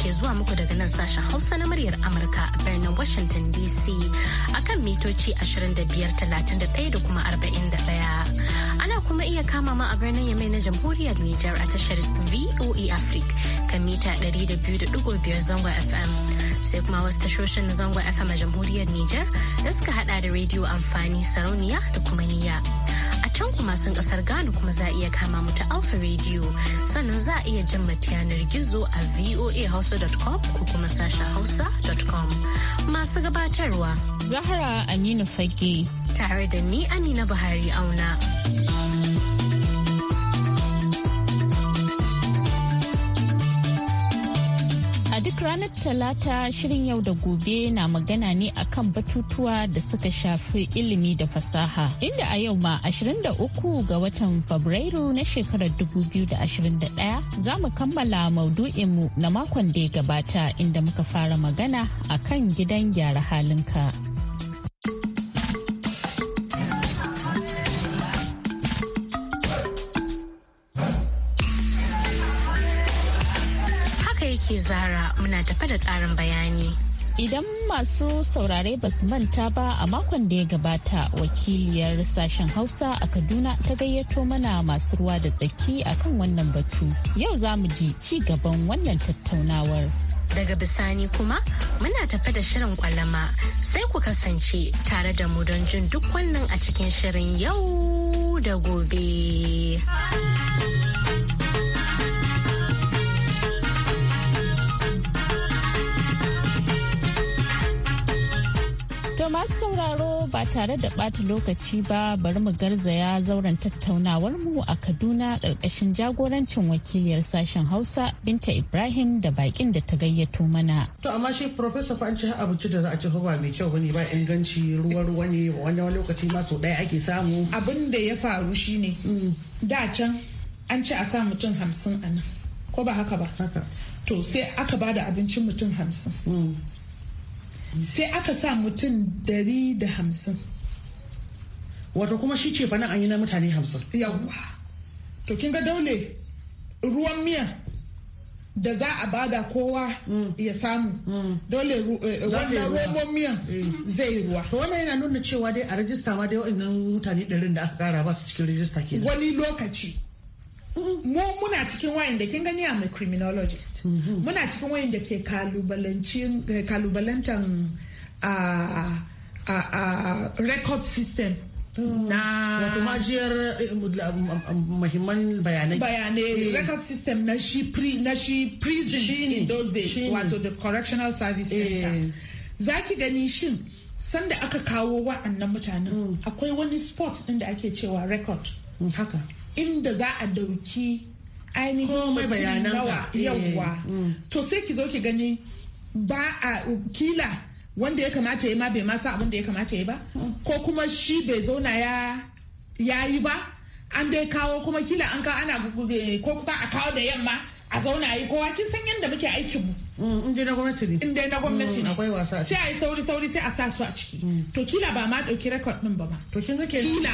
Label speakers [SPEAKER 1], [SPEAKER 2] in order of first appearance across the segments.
[SPEAKER 1] ke zuwa muku daga nan sashen Hausa na muryar Amurka a birnin Washington DC akan mitoci 25,31 da kuma 41. Ana kuma iya kama ma a birnin Yamai na Jamhuriyar Nijar a tashar voe Africa kan mita 200.5 zangon FM. sai kuma wasu tashoshin na zangon FM a jamhuriyar Nijar da suka hada da rediyo amfani sarauniya da kuma niya. A can kuma sun kasar Ghana kuma za a iya kama mu ta Alpha Radio za a iya jin yanar gizo a voahausa.com ko kuma sashen hausa.com. Masu gabatarwa. Zahra Aminu Fage. Tare da ni Amina Buhari auna. duk ranar
[SPEAKER 2] Talata shirin yau da gobe na magana ne akan batutuwa da suka shafi ilimi da fasaha. Inda a yau ma 23 ga watan Fabrairu na shekarar 2021 za mu kammala maudu'inmu na makon da ya gabata inda muka fara magana akan gidan gyara halinka.
[SPEAKER 1] ce Zara muna tafe da ƙarin bayani.
[SPEAKER 2] Idan masu saurare ba su manta ba a makon da ya gabata wakiliyar sashen Hausa a Kaduna ta gayyato mana masu ruwa da tsaki a kan wannan batu. Yau za mu ji ci gaban wannan tattaunawar.
[SPEAKER 1] Daga bisani kuma muna tafe da shirin kwalama sai ku kasance tare da mu don jin duk wannan a cikin shirin yau da gobe.
[SPEAKER 2] masu sauraro ba tare da ɓata lokaci ba bari mu garzaya zauren tattaunawar mu a Kaduna ƙarƙashin jagorancin wakiliyar sashen Hausa Binta Ibrahim da baƙin da ta gayyato mana.
[SPEAKER 3] To amma shi Professor fa an ci abinci da za a ci ba mai kyau bane ba inganci ruwa ruwa ne wani lokaci ma sau ɗaya ake samu. Abin da ya faru shine mm. da can an ce a sa mutum hamsin a nan ko ba haka ba. Haka. To sai aka bada abincin mutum hamsin. Mm. sai aka sa mutum dari da hamsin wato kuma shi ce fana an yi na mutane hamsin yawwa to kin ga daule ruwan miya da za a bada kowa mm. ya samu mm. dole eh, eh, wannan romon miyan mm. zai ruwa to wannan yana nuna cewa dai a rajista ma dai wa'annan mutane 100 da aka kara ba su cikin rajista kenan wani lokaci mu muna cikin wayan da kin gani a mai criminologist mhm. muna cikin wayan da ke eh, kalubalantan a record system na wato majiyar eh, muhimman bayanai bayanai eh. record system na shi prison in those days wato the correctional service center za ki gani shin sanda aka kawo wa'annan mutanen mm. akwai wani sport din da ake cewa record mm. haka inda za a dauki ainihin mutum nawa eh, eh. yawwa mm. to sai ki zo ki gani ba a kila wanda ya kamata ya ma bai ma sa abin da ya kamata ya ba mm. ko kuma shi bai zauna ya yi ba an dai kawo kuma kila an kawo ana ko kuma a kawo da yamma a zauna yi kowa kin san yadda muke aikin mu mm, in dai na gwamnati ne in dai na gwamnati ne akwai wasa sai a yi sauri sauri sai a sa su a ciki to kila ba ma dauki record din ba ma to kin ga kila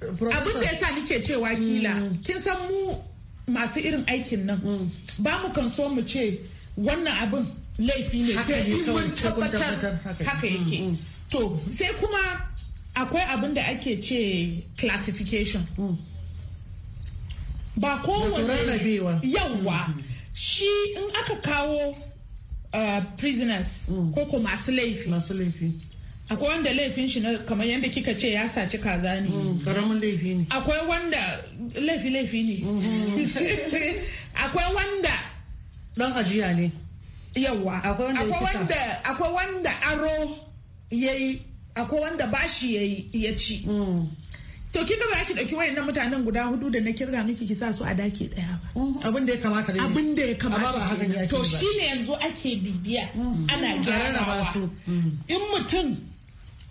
[SPEAKER 3] abin da ya yasa nike cewa kila mm. kin san mu masu irin aikin nan mm. ba mu kan so mu ce wannan abin laifi ne sai mun tabbatar haka mm, yake to sai kuma akwai abin da ake ce classification ba kowane yauwa shi in aka kawo uh, prisoners ko ko masu laifi akwai wanda laifin shi na kamar yadda kika ce ya saci kaza ne mm, karamin laifi ne akwai wanda laifi laifi ne mm. akwai wanda dan ajiya ne yawa akwai wanda aro ya yi. akwai wanda bashi yayi ya ci mm. To kika ba ki dauki wayannan mutanen guda hudu da na kirga miki ki sa su a daki daya ba. Abin da ya kamata ne. Abin da ya kamata. Ba haka ya To shine yanzu ake bibiya ana gyarawa. In mutum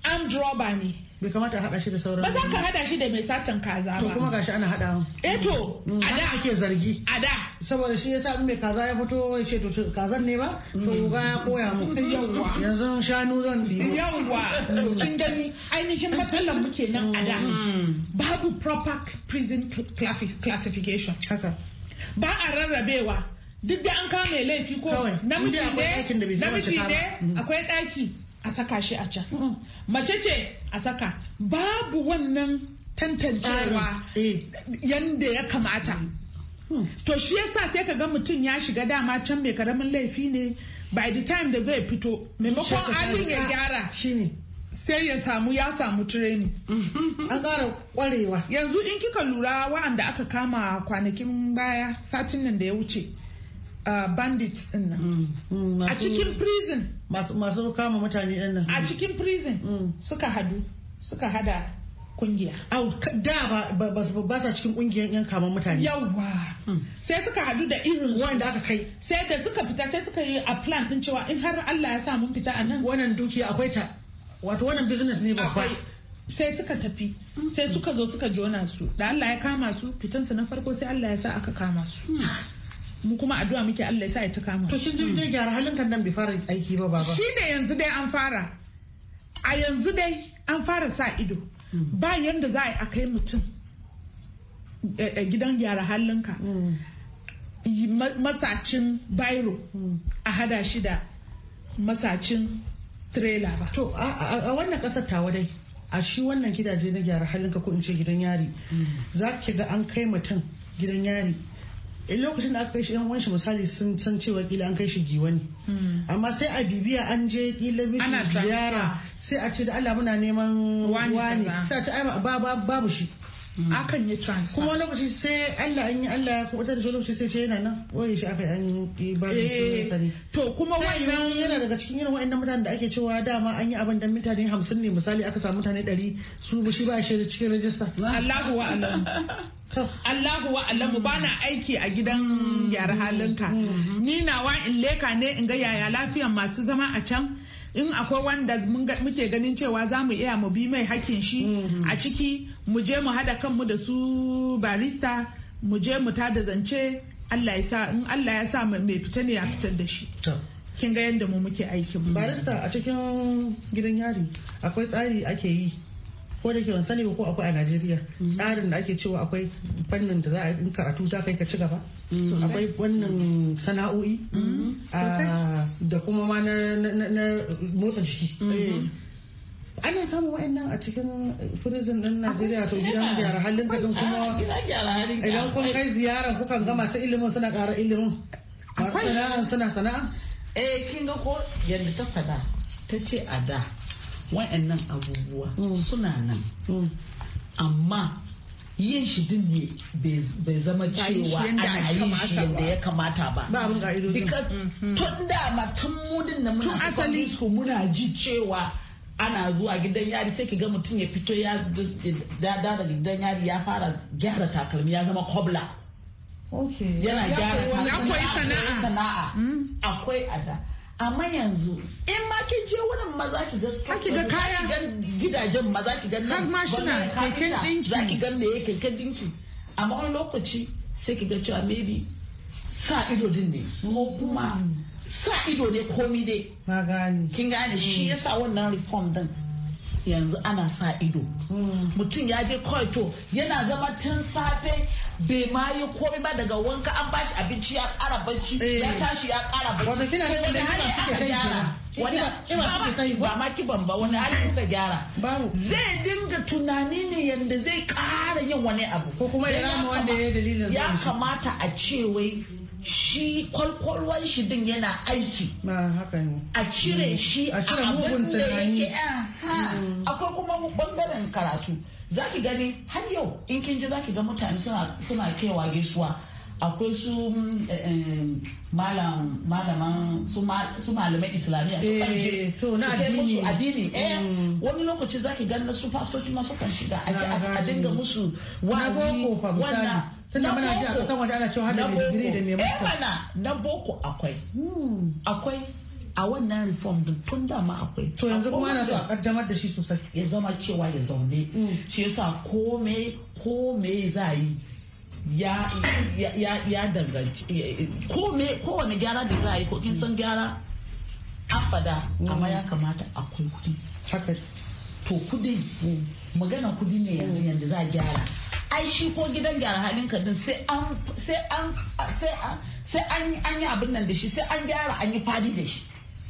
[SPEAKER 3] An droba ne bai kamata hada shi da sauran ba za ka hada shi da mai satan kaza ba to kuma gashi ana hada eh to mm, a da ake zargi a da saboda shi yasa in mai kaza ya fito ya ce to kazan ne ba mm. to ga ya koya mu yanzu shanu zan bi yawwa mm. kin gani ainihin matsalar muke nan a da babu proper prison classification haka ba a rarrabewa duk da an kama laifi ko namiji ne namiji ne akwai daki a saka shi a can mm. mace ce a saka babu wannan tantancewa yadda eh. ya kamata mm. Mm. to shi yasa sai ka ga mutum ya shiga dama can mai karamin laifi ne by the time da zai fito maimakon abin ya gyara sai ya samu ya samu training mm-hmm. an ƙara ƙwarewa yanzu in kika lura wa'anda aka kama kwanakin baya satin nan da ya wuce uh, bandits din nan a cikin prison masu kama mutane ɗan nan a cikin prison mm. suka hadu suka hada kungiya A da ba su ba sa cikin kungiyar yan kama mutane yawa mm. sai suka hadu da irin wanda aka kai sai da suka fita sai suka yi a plan din cewa in har Allah ya sa mun fita a nan wannan dukiya akwai ta wato wannan business ne babba sai suka tafi sai suka zo suka jona su da Allah ya kama su fitansu na farko sai Allah ya sa aka kama su mm. mu kuma addu'a muke Allah ya sa ya tuka mu to shin jin dai gyara halin kan nan bai fara aiki ba baba shine yanzu dai an fara a yanzu dai an fara sa ido hmm. ba yanda za a kai mutum eh, eh, gidan gyara halinka hmm. masacin bairo hmm. a hada shi da masacin trailer ba to a wannan kasar tawa dai a shi wannan gidaje na gyara halinka ko in ce gidan yari za ki ga an kai mutum gidan yari in lokacin da aka kai shi yan wanshi misali sun san cewa kila an kai shi giwa ne hmm. amma sai a bibiya an je kila ziyara sai a ce da Allah muna neman wani sai a ce ai babu shi Mm. akan yi transfer kuma lokaci sai Allah an yi Allah ya kubutar da shi lokaci sai sai yana nan waye shi aka yi an yi ba sani eh, to kuma wannan yana daga cikin irin wa'annan mutanen da ake cewa dama an yi abin da mutane 50 ne misali aka samu mutane 100 su shi ba shi cikin rajista Allahu wa'alam Allahu wa'alamu bana aiki a gidan mm. gyara halinka mm-hmm. ni nawa in leka ne in ga yaya lafiyan masu zama a can in akwai wanda muke ganin cewa za mu iya mu bi mai hakin shi mm-hmm. a ciki mu je mu hada kanmu da su barista mu je mu tada zance Allah ya sa in Allah ya sa mai fita ne ya fitar da shi kin ga yadda mu muke aikin barista a cikin gidan yari akwai tsari ake yi ko da ke ban sani ko akwai a Najeriya mm. tsarin da ake cewa akwai fannin da za a in karatu za kai ka ci gaba mm. akwai wannan sana'o'i mm. ah, da kuma ma na motsa jiki mm-hmm. eh. ana samun wa'annan a cikin eh, prison din Najeriya to gidan gyara halin kadin kuma idan kun kai ziyara kukan ga masu ilimin suna ƙara ilimin masu sana'a suna sana'a eh kin ga ko yadda ta fada ta ce a da wa'annan abubuwa mm. suna nan mm. amma yin shi din ne bai zama cewa ana yi shi yadda ya kamata ba. Ba abin ka'idodin. Mm-hmm. Tun da ma tun mudin da muna asali muna ji cewa ana zuwa gidan yari sai ki ga mutum ya fito ya dada da gidan yari ya fara gyara takalmi ya zama kobla yana gyara takalmi hmm. akwai sana'a akwai ada amma yanzu in ma ki je wurin maza ki ga ki ga kayan gidajen maza ki ga nan mashina keken dinki za ki ga me yake keken dinki amma wani lokaci sai ki ga cewa maybe sa ido din ne kuma hmm. sa ido ne komi dai kin gane mm. shi yasa wannan reform din yanzu ana sa ido mm. mutum ya je kawai to yana zama tun safe bai ma yi komi ba daga wanka an bashi abinci ya kara bacci ya eh. tashi ya kara bacci wanda kina ne da hali aka gyara ba ma kiban ba wani hali kuka gyara zai dinga tunani ne yanda zai kara yin wani abu ko kuma ya rama wanda ya dalilin ya kamata a ce wai shi kwalkwalwan shi din yana aiki a cire mm. shi a abin da yake eh, mm. akwai kuma bangaren karatu za ki gani har yau in kin ji za ki ga mutane suna kaiwa gaisuwa akwai su eh, eh, malaman su malaman islamiyya su kanje su kai musu addini eh mm. wani lokaci zaki ganin su fastoci masu kan shiga a dinga musu wa'azi wannan tunda muna ji a kasan waje ana cewa hada mai digiri da mai eh, masta na boko akwai hmm. akwai a wannan reform din tun da ma akwai to yanzu kuma ana so a kaddamar da shi sosai ya zama cewa ya zaune hmm. shi yasa kome kome za yi ya ya danganci kome kowane gyara da za a yi ko kin san gyara an fada amma ya hmm. kamata akwai kudi to kudi magana kudi ne yanzu yanda za a gyara ai shi ko gidan gyara halin ka din sai an sai an sai an sai an yi abin nan da shi sai an gyara an yi fadi da shi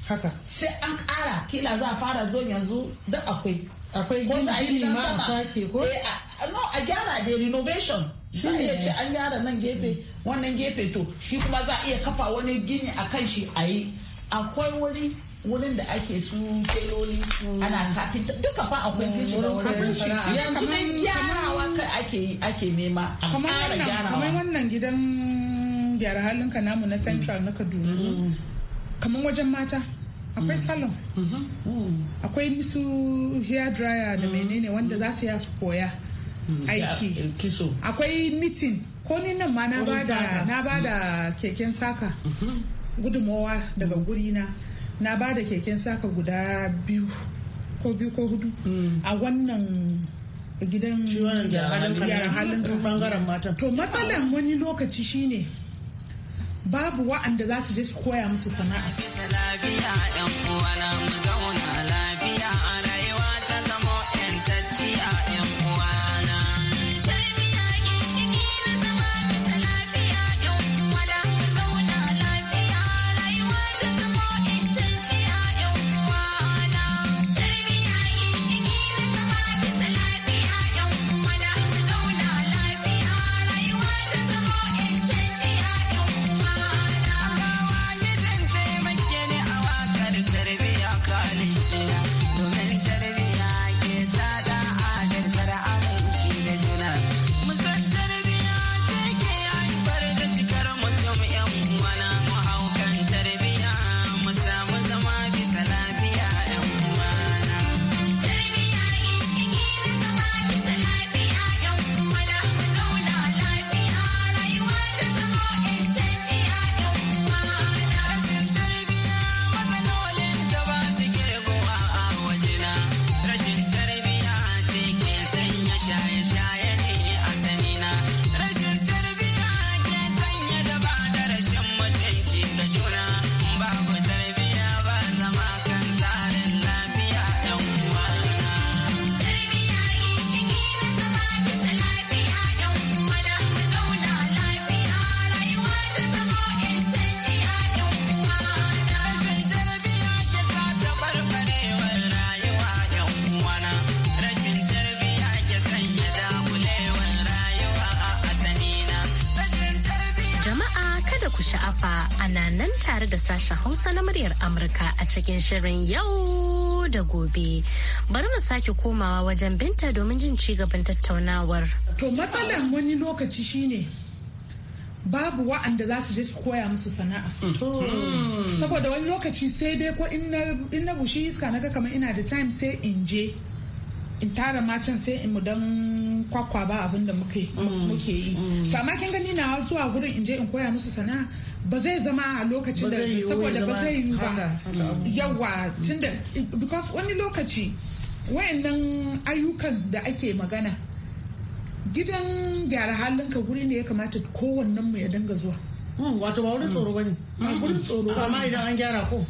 [SPEAKER 3] haka sai an kara kila za a fara zo yanzu da akwai akwai gini ma a sake ko eh no a gyara da renovation za a iya ce an gyara nan gefe wannan gefe to shi kuma za a iya kafa wani gini a kan shi a yi akwai wuri wurin da ake su teloli mm. ana kafinta duka fa akwai mm, fishi da wurin yanzu nan gyarawa kai ake ake nema a kara gyarawa kamar wannan gidan gyara ka namu na central na kaduna mm. kamar wajen mata akwai salon mm-hmm. akwai nisu hair dryer da menene wanda za su ya su koya aiki eh, akwai mitin ko ni nan ma na bada keken saka mm-hmm. Gudumowa daga gurina na ba da keken saka guda biyu ko biyu ko hudu hmm. a wannan gidan yaran halin bangaren matan to matsalan wani lokaci shine babu wa'anda za su je su koya musu sana'a
[SPEAKER 1] ku sha'afa ana nan tare da sashen Hausa na muryar Amurka a cikin shirin yau da gobe. Bari mu sake komawa wajen
[SPEAKER 3] binta domin jin ci gaban tattaunawar. To matsalar wani lokaci shine babu wa'anda za su je su koya musu sana'a. Hmm. Hmm. Saboda wani lokaci sai dai ko in na bushe iska na ga kamar ina da time sai in je in tara matan sai in mu dan kwakwa ba abin da muke yi to amma kin gani na zuwa gurin in je in koya musu sana'a ba zai zama a lokacin da saboda ba zai yi ba yawa tunda because wani lokaci wayannan ayyukan da ake magana gidan gyara halin ka guri ne ya kamata kowannen mu ya dinga zuwa wato ba wurin tsoro bane ba wurin tsoro amma idan an gyara ko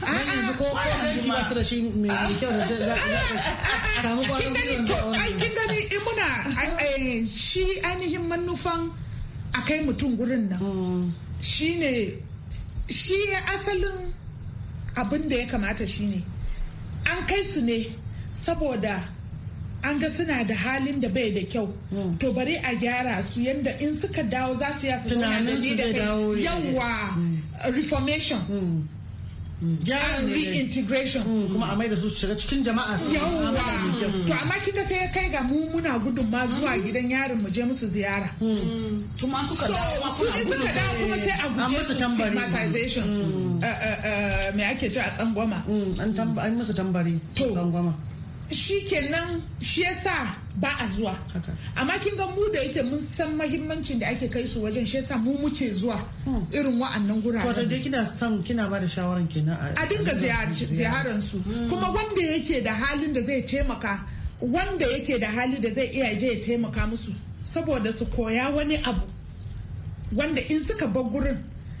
[SPEAKER 3] ko ko aiki ba su da shi mai kyau da samu kwarin gwiwa shi ainihin manufan a kai mutum gurin nan mm. shi ne shi asalin abin da ya kamata shi ne an kai su ne saboda an ga suna da halin da bai da kyau mm. to bari a gyara su yadda in suka dawo za su ya su da kai yawa mm. reformation reintegration mm. kuma a maida su shiga cikin jama'a su yawwa to amma kika sai kai ga mu muna gudun ma zuwa mm. gidan yarin mu je musu ziyara kuma mm. suka dawo kuma sai a guje su stigmatization eh, eh, eh, me ake ce a tsangwama an musu tambari tsangwama. shi kenan shi yasa ba a zuwa amma kin ga mu da yake mun san mahimmancin da ake kai su wajen shi yasa mu muke zuwa hmm. irin wa'annan guraren wato dai kina san kina ba da shawaran kenan a dinga ziyaran su hmm. kuma wanda yake da halin da zai taimaka wanda yake da hali da zai iya je ya taimaka musu saboda su koya wani abu wanda in suka bar gurin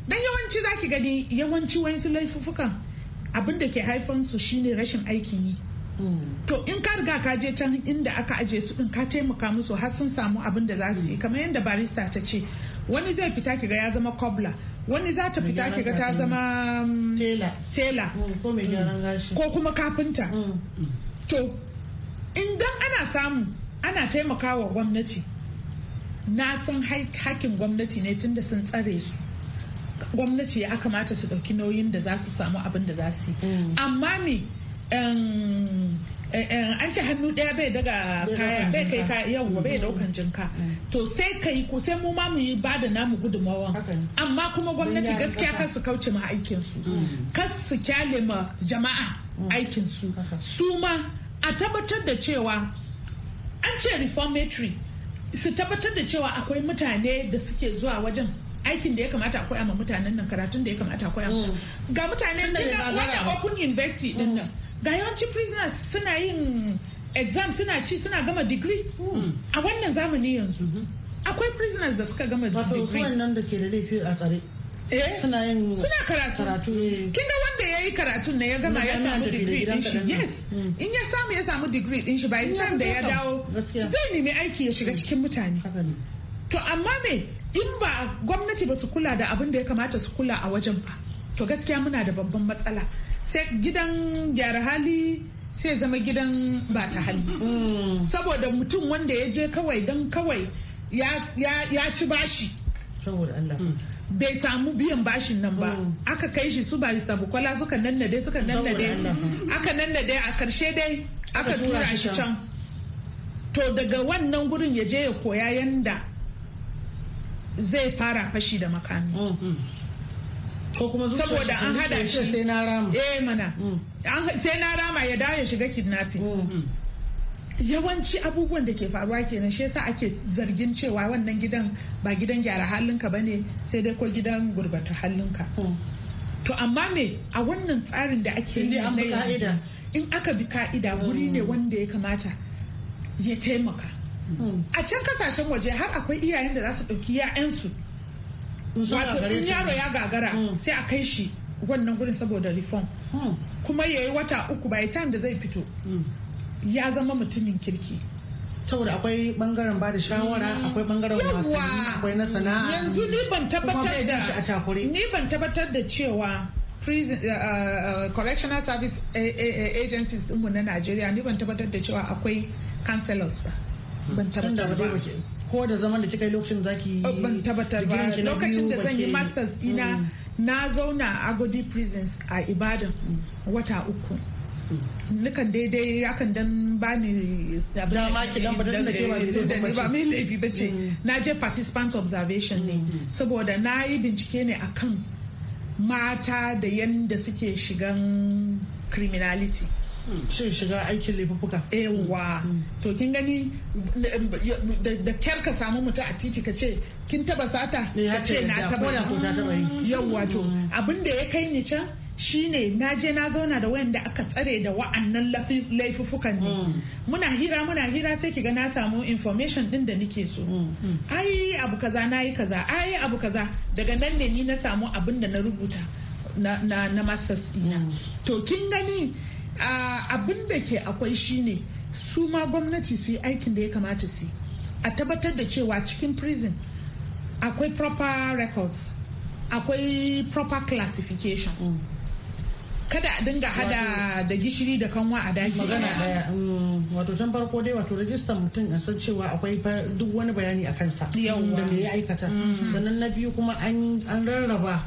[SPEAKER 3] dan yawanci zaki gani yawanci wayansu laifuffukan abin da ke haifansu shine rashin aikin yi to in ka riga ka je can inda aka aje su din ka taimaka musu har sun samu abin da za su yi mm. kamar yadda barista ta ce wani zai fita kiga ya zama kobla wani za ta fita kiga ta zama mm, tela mm, ko kuma kafinta to idan ana samu ana taimaka wa gwamnati na san hakkin gwamnati ne tunda sun tsare su gwamnati ya kamata su ɗauki nauyin da za su samu abin da za su yi amma me an ce hannu ɗaya bai daga kaya bai kai ka yau bai daukan jinka mm. to sai kai ku sai mu ma mu yi ba da namu gudunmawan amma kuma gwamnati gaskiya kar su kauce ma aikin su mm. kar su kyale ma jama'a mm. aikin su su ma a tabbatar da cewa an ce reformatory su tabbatar da cewa akwai mutane da suke zuwa wajen aikin da ya kamata a koya ma mutanen nan karatun da ya kamata a koya mm. ga mutanen nan wannan open university mm. din nan ga yawancin prisoners suna yin exam suna ci suna gama degree mm. a wannan zamani yanzu mm-hmm. akwai prisoners da suka gama degree wato wannan da ke da laifi a tsare eh? suna yin suna karatu eh. kin ga wanda yayi karatun ne ya gama ya samu degree din shi yes in ya samu ya samu degree din shi by time da ya dawo zai nemi aiki ya shiga cikin mutane to amma me in ba gwamnati ba su kula da abin da ya kamata su kula a wajen ba to gaskiya muna da babban matsala sai gidan gyara hali sai zama gidan ba ta hali mm. saboda mutum wanda ya je kawai don kawai ya ci bashi mm. bai samu biyan bashin nan ba mm. aka kai shi su barista bukola suka nannade suka nannade aka nannade a karshe dai aka tura shi can to daga wannan gurin ya je ya koya yanda zai fara fashi da makami mm, mm. ko kuma saboda an hada shi sai na rama eh mana mm. sai na rama ya dawo ya shiga kidnapping yawanci abubuwan da ke faruwa kenan shi yasa ake zargin cewa wannan gidan ba gidan gyara halinka ne sai dai ko gidan gurbata halinka to amma me a wannan tsarin da ake yi na in aka bi ka'ida wuri ne wanda ya kamata ya taimaka a can kasashen waje har akwai iyayen da za su ɗauki 'ya'yansu wato in yaro ya gagara hmm. sai a kai shi wannan gurin saboda reform hmm. kuma ya yi wata uku bai time da zai fito hmm. ya zama mutumin kirki saboda akwai bangaren ba da shawara akwai bangaren wasanni akwai na sana'a yanzu ni ban tabbatar da ni ban tabbatar da cewa prison uh, uh, correctional service agencies mu na Najeriya ni ban tabbatar da cewa akwai counselors ba ban tabbatar ba ko da zaman da kika yi lokacin zaki oh, yi ban tabbatar ba lokacin da zan yi masters ina mm. na zauna a Agodi prisons a Ibadan mm. wata uku mm. nukan daidai yakan dan bani dama ki dan ba da ba mai laifi bace na je participant observation ne saboda na yi bincike ne akan mata da yanda suke shigan criminality shin shiga aikin laifuka yawa to kin gani da kyar ka samu mutu a titi ka ce kin taba sata ka ce na taba yawa to abinda ya kai ni can shine na je na zauna da wayanda aka tsare da wa'annan laifuffukan ne mm. muna hira muna hira sai kiga na samu information din da nike so mm, mm. ai abu kaza na kaza ai abu kaza daga nan ne ni na samu abin da na rubuta na masters dina to kin gani abin da ke akwai shine su ma gwamnati su yi aikin da ya kamata su a tabbatar da cewa cikin prison akwai proper records akwai proper classification mm. kada a dinga hada da gishiri da kanwa a daki magana daya mm, wato tun farko dai wato rajistar mutum a san cewa akwai duk wani bayani a kansa da me aikata mm. sannan na biyu kuma an rarraba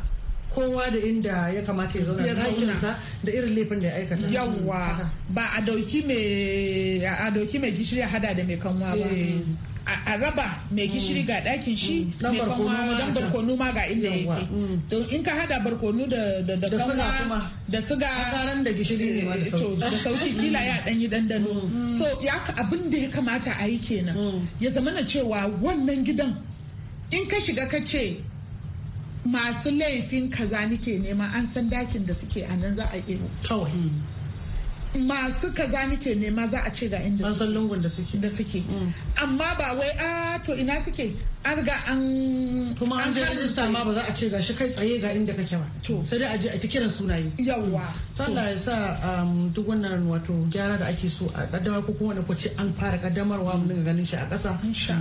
[SPEAKER 3] kowa da inda ya kamata ya zauna da haƙƙinsa da irin laifin da ya aikata yawwa ba a dauki mai a mai gishiri a hada da mai kanwa ba eh. a raba mai mm. gishiri ga ɗakin shi mai mm. kanwa don barkonu ma ga inda yake mm. To in ka hada barkonu da kanwa da suga da gishiri ne eh, da sauki kila ya dan yi dandano so abin da ya kamata a yi kenan ya zamana cewa wannan gidan in ka shiga ka ce masu laifin kaza nike nema an san dakin da suke a nan za a iya kawai masu kaza nake nema za a ce ga inda san lungun da suke da suke mm. amma ba wai a ah, to ina suke an ga an kuma an je rajista ma ba za a ce shi? kai tsaye ga inda kake ba to sai dai a je a ta kiran sunaye yawa Allah ya sa um, duk wannan wato gyara da ake so a kaddamar ko kuma ko ce an fara kaddamarwa mu dinga ganin shi a ƙasa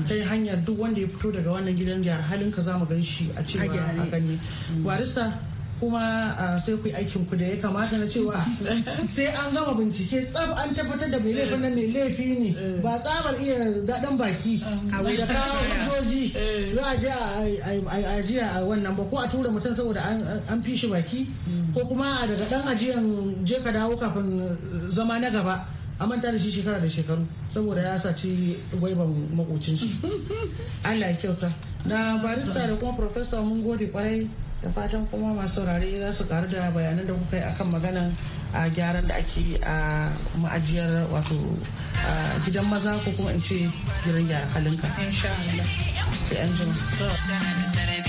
[SPEAKER 3] ta hanyar duk wanda ya fito daga wannan gidan gyara halin ka za mu gan shi a cewa a gani warista mm. kuma ah, sai ku aikin ku da ya kamata na cewa sai an gama bincike tsab an tabbatar da mai eh. laifin nan mai laifi ne eh. ba tsabar iya daɗin baki da ah, kawo hujjoji eh. za a je a ajiya a wannan ba ko a tura mutum saboda an fi shi baki hmm. ko kuma daga ɗan ajiyan je ka dawo kafin zama na gaba a manta da shi shekara da shekaru saboda ya saci gwaiban makocin shi Allah ya kyauta na barista da kuma professor mun gode kwarai da fatan kuma masu saurari za su karu da bayanan da kuka yi akan maganan a gyaran da ake a ma'ajiyar wato gidan maza ko kuma in ce gidan gyara halinka. Insha Sai an
[SPEAKER 4] jima.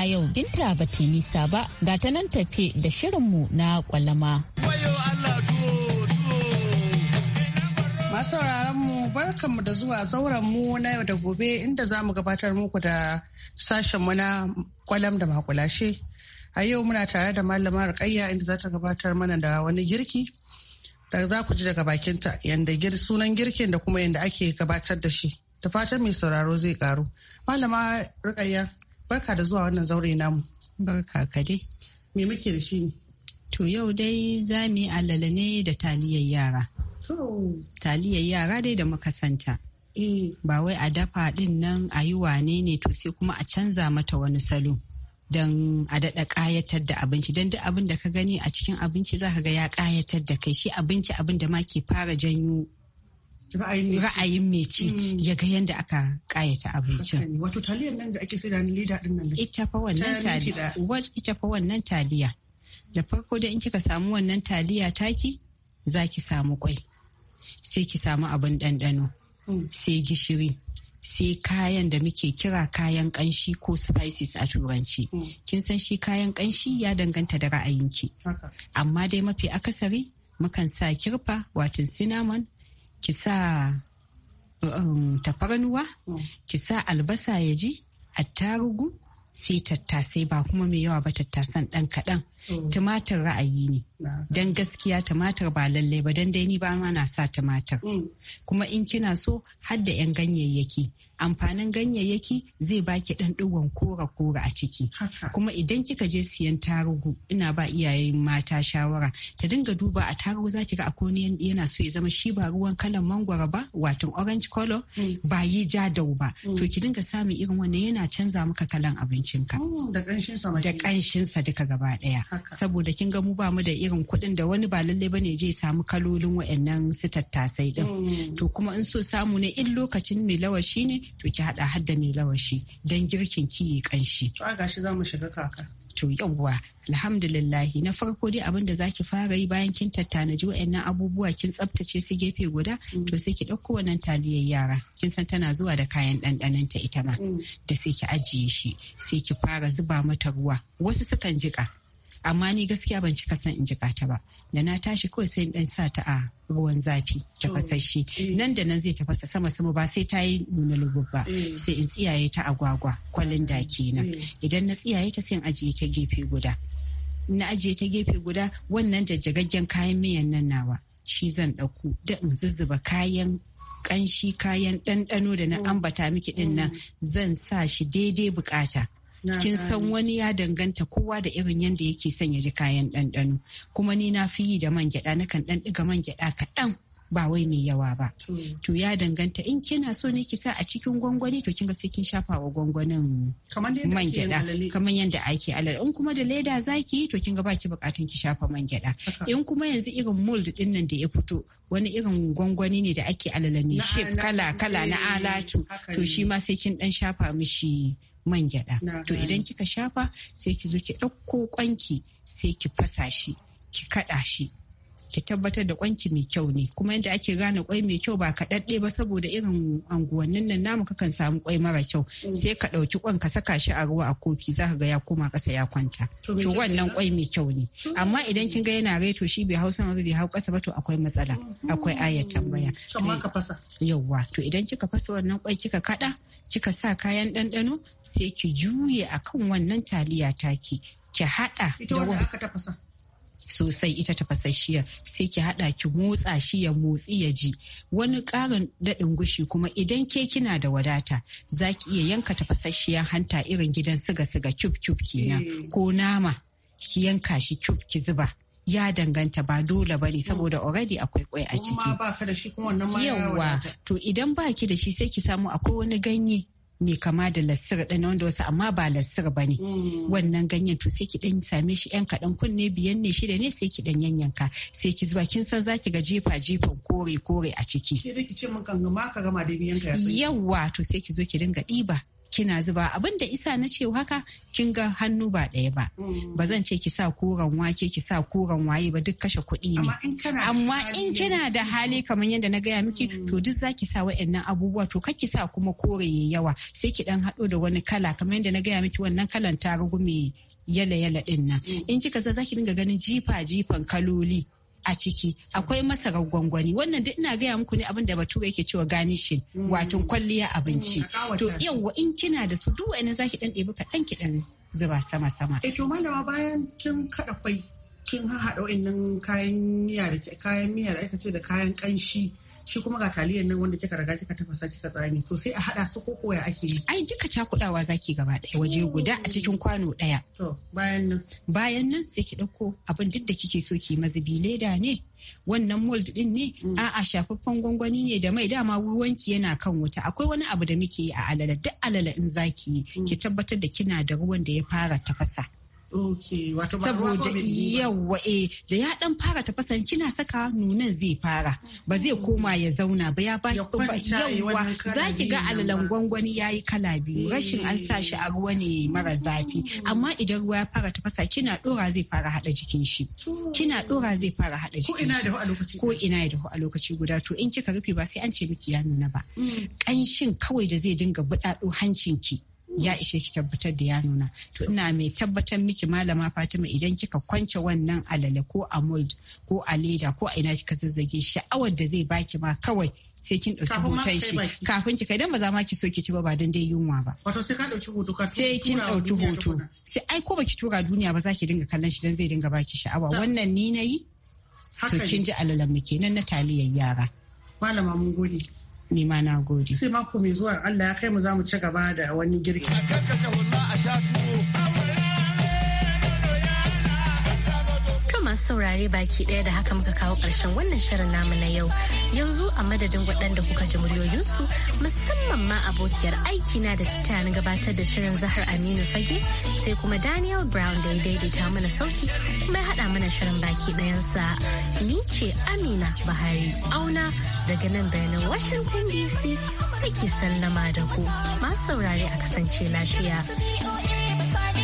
[SPEAKER 2] na yau binta ba ta nisa ba ga ta nan tafe da shirinmu na kwalama.
[SPEAKER 3] Masu mu barkanmu da zuwa zauren mu na yau da gobe inda za mu gabatar muku da sashen mu na kwalam da makulashe. A yau muna tare da malama rikayya inda za ta gabatar mana da wani girki da za ku ji daga bakinta yadda sunan girkin da kuma yadda ake gabatar da shi. Da fatan mai sauraro zai karu. Malama Rukayya Barka da zuwa wannan zaure namu. Barka ka dai. Me muke da shi ne? To yau dai za mu
[SPEAKER 5] yi alala ne da taliyar yara. Taliyar yara dai da muka santa. Eh. Ba wai a dafa ɗin nan a yi wane ne to sai kuma a canza mata wani salo. Don a daɗa ƙayatar da abinci don duk abin da ka gani a cikin abinci za ka ga ya ƙayatar da kai shi abinci abin da ma ke fara janyo ra'ayin mai ci mm. ya ga yadda aka kayata abincin. Wato taliyar nan da ake sai da leda din nan. Ita fa wannan taliya. Ita fa wannan taliya. Da farko da in kika samu wannan taliya taki za ki samu kwai. Sai ki samu abin ɗanɗano. Mm. Sai gishiri. Sai kayan da muke kira kayan ƙanshi ko spices a turanci. Mm. Kin san shi kayan ƙanshi ya danganta da ra'ayinki. Amma dai mafi akasari mukan sa kirfa watan cinnamon ki sa um, tafarnuwa mm. ki sa albasa ya ji attarugu sai tattasai ba kuma mai yawa ba tattasan ɗan kaɗan mm. tumatir ra'ayi ne don gaskiya tumatir ba lallai ba don dai ni ba na sa tumatir mm. kuma in kina so har 'yan ganyayyaki amfanin ganyayyaki zai baki dan ɗigon kora kora a ciki kuma idan kika je siyan tarugu ina ba iyayen mata shawara ta dinga duba a tarugu za ki ga kone yana so ya zama shi ba ruwan kalan mangwara ba wato orange color mm. ba yi ja dau ba mm. to ki dinga samun irin wannan yana canza maka kalan abincin ka. Mm, da kanshin sa duka gaba daya saboda kin ga mu ba mu da irin kuɗin da wani ba lalle bane je samu kalolin wayannan su tattasai din to kuma in so samu ne in lokacin mai lawashi ne to ki hada har da mai lawashi dan girkin ki yi kanshi to a gashi za mu shiga kaka to yawwa alhamdulillahi na farko dai abin da zaki fara yi bayan kin ji wa'annan abubuwa kin tsaftace su gefe guda mm. to sai ki ɗauko wannan taliyar yara kin san tana zuwa da kayan ɗanɗanon ta ita ma mm. da sai ki ajiye shi sai ki fara zuba mata ruwa wasu sukan jika amma ni gaskiya ban cika san in jika ta ba da na tashi kawai sai in dan sa ta a ruwan zafi tafasasshe eh. nan da nan zai tafasa sama sama ba sai ta yi nuna lubu ba eh. sai in tsiyaye ta agwagwa kwalin da kenan eh. idan na tsiyaye ta sai in ajiye ta gefe guda na ajiye ta gefe guda wannan jajjagaggen kayan miyan nan nawa shi zan ɗauko da in zuzzuba kayan ƙanshi kayan ɗanɗano da na oh. ambata miki ɗin oh. zan sa shi daidai bukata kin san wani ya danganta kowa da irin yadda yake sanya ji kayan ɗanɗano kuma ni na fi yi da man gyaɗa na kan ɗan ɗiga man gyaɗa kaɗan ba wai mai yawa ba to ya danganta in kina so ne ki sa a cikin gwangwani to kin ga sai kin shafa wa gwangwanin man gyaɗa kamar yadda ake alal in kuma da leda zaki to ga baki bukatun ki shafa man gyaɗa in kuma yanzu irin mold din nan da ya fito wani irin gwangwani ne da ake alala ne. shape kala kala na eh, alatu to shi ma sai kin dan shafa mishi man gyada to idan kika shafa sai ki zo ki ɗauko kwanki sai ki fasa shi ki kaɗa shi ki tabbatar da kwanki mai kyau ne kuma yadda ake gane kwai mai kyau ba kaɗaɗɗe ba saboda irin unguwannin nan namu kakan samu kwai mara kyau mm. sai ka ɗauki kwan ka saka shi a ruwa a kofi za ka ga ya koma ƙasa ya kwanta to wannan kwai mai kyau ne amma idan kin ga yana reto shi bai hau sama bai hau ƙasa ba to akwai matsala mm-hmm. akwai ayar tambaya ka fasa. yawwa to idan kika fasa wannan kwai kika kaɗa kika sa kayan ɗanɗano sai ki juye akan wannan taliya taki ki haɗa ita wanda aka tafasa sosai ita tafasasshiyar sai ki haɗa ki motsa shi ya motsi ya ji wani ƙarin daɗin gushi kuma idan ke kina da wadata za ki iya yanka tafasasshiyar hanta irin gidan siga siga cube cube kenan eh. ko nama ki yanka shi cube ki zuba ya danganta ba dole ba ne saboda already akwai
[SPEAKER 3] kwai a ciki. Yawwa,
[SPEAKER 5] to idan ba ki da shi sai ki samu akwai wani ganye mai kama da lassir ɗin wanda wasu amma ba lassir ba ne mm. wannan ganyen to sai ki ɗan same shi yan kaɗan kunne biyan ne shida ne sai ki ɗan yanyanka sai ki zuwa kin san zaki ga jefa jefan kore kore a ciki. Yawwa to sai ki zo ki dinga ɗiba kina zuba abin da isa na ce haka kin ga hannu ba ɗaya ba mm. ba zan ce ki sa koren wake ki sa koren waye ba duk kashe kuɗi ne amma in kina da hali kamar yadda na gaya miki mm. to duk za ki sa wa'annan abubuwa to kaki ki sa kuma kore yawa sai ki dan haɗo da wani kala kamar yadda na gaya miki wannan kalan ta mai yala yala dinnan. Mm. in kika za zaki dinga ganin jifa jifan kaloli a ciki akwai masarar gwangwani wannan duk ina gaya muku ne abin da bature yake cewa ganishin wato kwalliya abinci mm, to yawa in kina da su duk wani zaki dan ɗebi kaɗan ki dan zuba sama sama eh
[SPEAKER 3] to malama bayan kin kaɗa kwai kin haɗa wa'annan kayan miya da kayan miya da aka da kayan kanshi shi kuma ga taliyan nan wanda kika riga kika tafasa
[SPEAKER 5] kika tsami to sai a hada su ko koya ake yi ai duka cakudawa zaki gaba daya waje guda a cikin kwano daya to bayan nan bayan nan sai ki dauko abin duk da kike so ki mazubi leda ne wannan mold din ne mm. a'a shafaffen gwangwani ne da mai dama wanki yana kan wuta akwai wani abu da muke yi a alala duk alala in zaki yi mm. ki tabbatar da kina da ruwan da ya fara tafasa saboda yawa eh, da ya dan fara tafasan kina saka nunan zai fara ba zai koma ya zauna ba ya ba yawa zaki ga alalan gwangwani ya yi kala biyu eh. rashin an sa shi a ruwa ne mara zafi amma idan ruwa ya fara tafasa kina dora zai fara hada jikin shi kina dora zai fara hada jikin shi ko ina ya a a lokaci guda to in kika rufe ba sai an ce miki ya nuna ba kanshin mm. kawai da zai dinga hancin ki. ya ishe ki tabbatar da ya nuna to ina mai tabbatar miki malama Fatima idan kika kwance wannan alale ko a mold ko a leda ko a ina kika zazzage sha'awar da zai baki ma kawai sai kin ɗauki hoton shi kafin ki kai dan ba za ma ki so ki ci ba ba dan dai yunwa ba
[SPEAKER 3] wato sai ka ɗauki hoto ka sai kin ɗauki hoto
[SPEAKER 5] sai ai ko baki tura duniya ba za ki dinga kallon shi dan zai dinga baki sha'awa wannan ni nayi to kin ji alalan mu kenan na taliyar yara malama mun gode ni ma na gode sai
[SPEAKER 3] mako mai zuwa Allah ya kai mu za mu ci gaba da wani girki
[SPEAKER 1] masu saurare baki ɗaya da haka muka kawo ƙarshen wannan shirin namu na yau. Yanzu a madadin waɗanda kuka ji muryoyinsu musamman ma abokiyar aiki na da ta gabatar da shirin Zahar Aminu Fage sai kuma Daniel Brown da ya daidaita mana sauti kuma ya haɗa mana shirin baki ɗayansa. Ni ce Amina Bahari Auna daga nan birnin Washington DC ake sallama da ku. Masu saurare a kasance lafiya.